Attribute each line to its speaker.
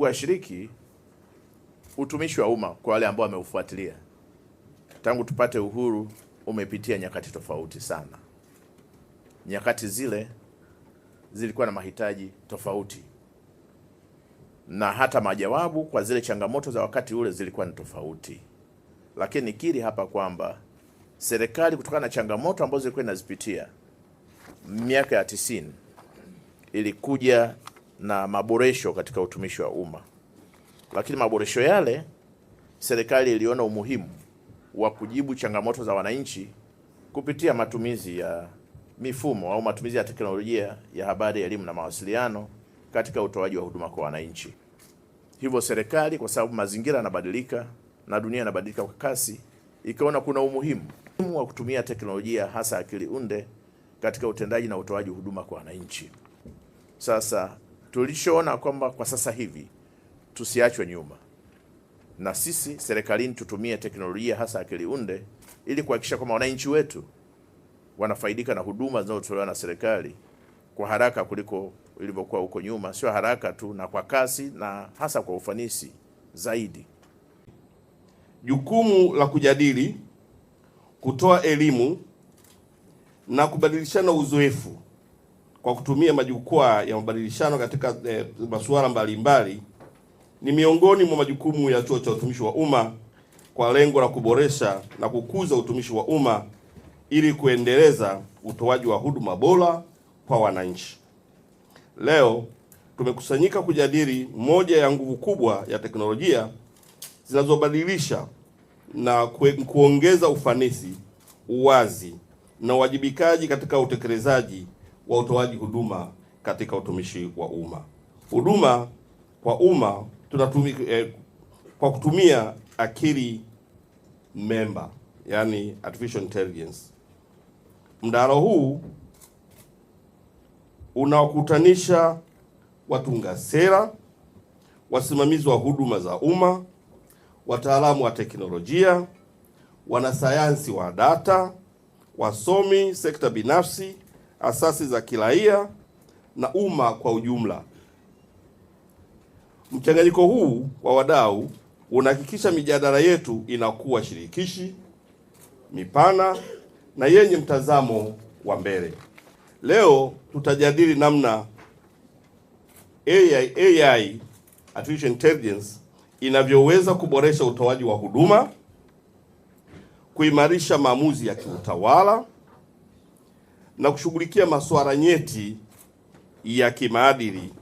Speaker 1: ndugu washiriki, utumishi wa umma kwa wale ambao wameufuatilia tangu tupate uhuru umepitia nyakati tofauti sana. Nyakati zile zilikuwa na mahitaji tofauti, na hata majawabu kwa zile changamoto za wakati ule zilikuwa ni tofauti, lakini nikiri hapa kwamba serikali kutokana na changamoto ambazo zilikuwa inazipitia miaka ya tisini ilikuja na maboresho katika utumishi wa umma, lakini maboresho yale serikali iliona umuhimu wa kujibu changamoto za wananchi kupitia matumizi ya mifumo au matumizi ya teknolojia ya habari, elimu na mawasiliano katika utoaji wa huduma kwa wananchi. Hivyo serikali, kwa sababu mazingira yanabadilika na dunia inabadilika kwa kasi, ikaona kuna umuhimu wa kutumia teknolojia hasa akili unde katika utendaji na utoaji huduma kwa wananchi. Sasa tulishoona kwamba kwa sasa hivi tusiachwe nyuma, na sisi serikalini tutumie teknolojia hasa akili unde ili kuhakikisha kwamba wananchi wetu wanafaidika na huduma zinazotolewa na serikali kwa haraka kuliko ilivyokuwa huko nyuma. Sio haraka tu, na kwa kasi na hasa kwa ufanisi zaidi.
Speaker 2: Jukumu la kujadili, kutoa elimu na kubadilishana uzoefu kwa kutumia majukwaa ya mabadilishano katika e, masuala mbalimbali ni miongoni mwa majukumu ya Chuo cha Utumishi wa Umma kwa lengo la kuboresha na kukuza utumishi wa umma ili kuendeleza utoaji wa huduma bora kwa wananchi. Leo tumekusanyika kujadili moja ya nguvu kubwa ya teknolojia zinazobadilisha na kuongeza ufanisi, uwazi na uwajibikaji katika utekelezaji wa utoaji huduma katika utumishi wa umma. Huduma kwa umma tunatumia eh, kwa kutumia akili memba, yani artificial intelligence. Mdahalo huu unaokutanisha watunga sera, wasimamizi wa huduma za umma, wataalamu wa teknolojia, wanasayansi wa data, wasomi, sekta binafsi asasi za kiraia na umma kwa ujumla. Mchanganyiko huu wa wadau unahakikisha mijadala yetu inakuwa shirikishi, mipana na yenye mtazamo wa mbele. Leo tutajadili namna AI, AI artificial intelligence inavyoweza kuboresha utoaji wa huduma, kuimarisha maamuzi ya kiutawala na kushughulikia masuala nyeti ya kimaadili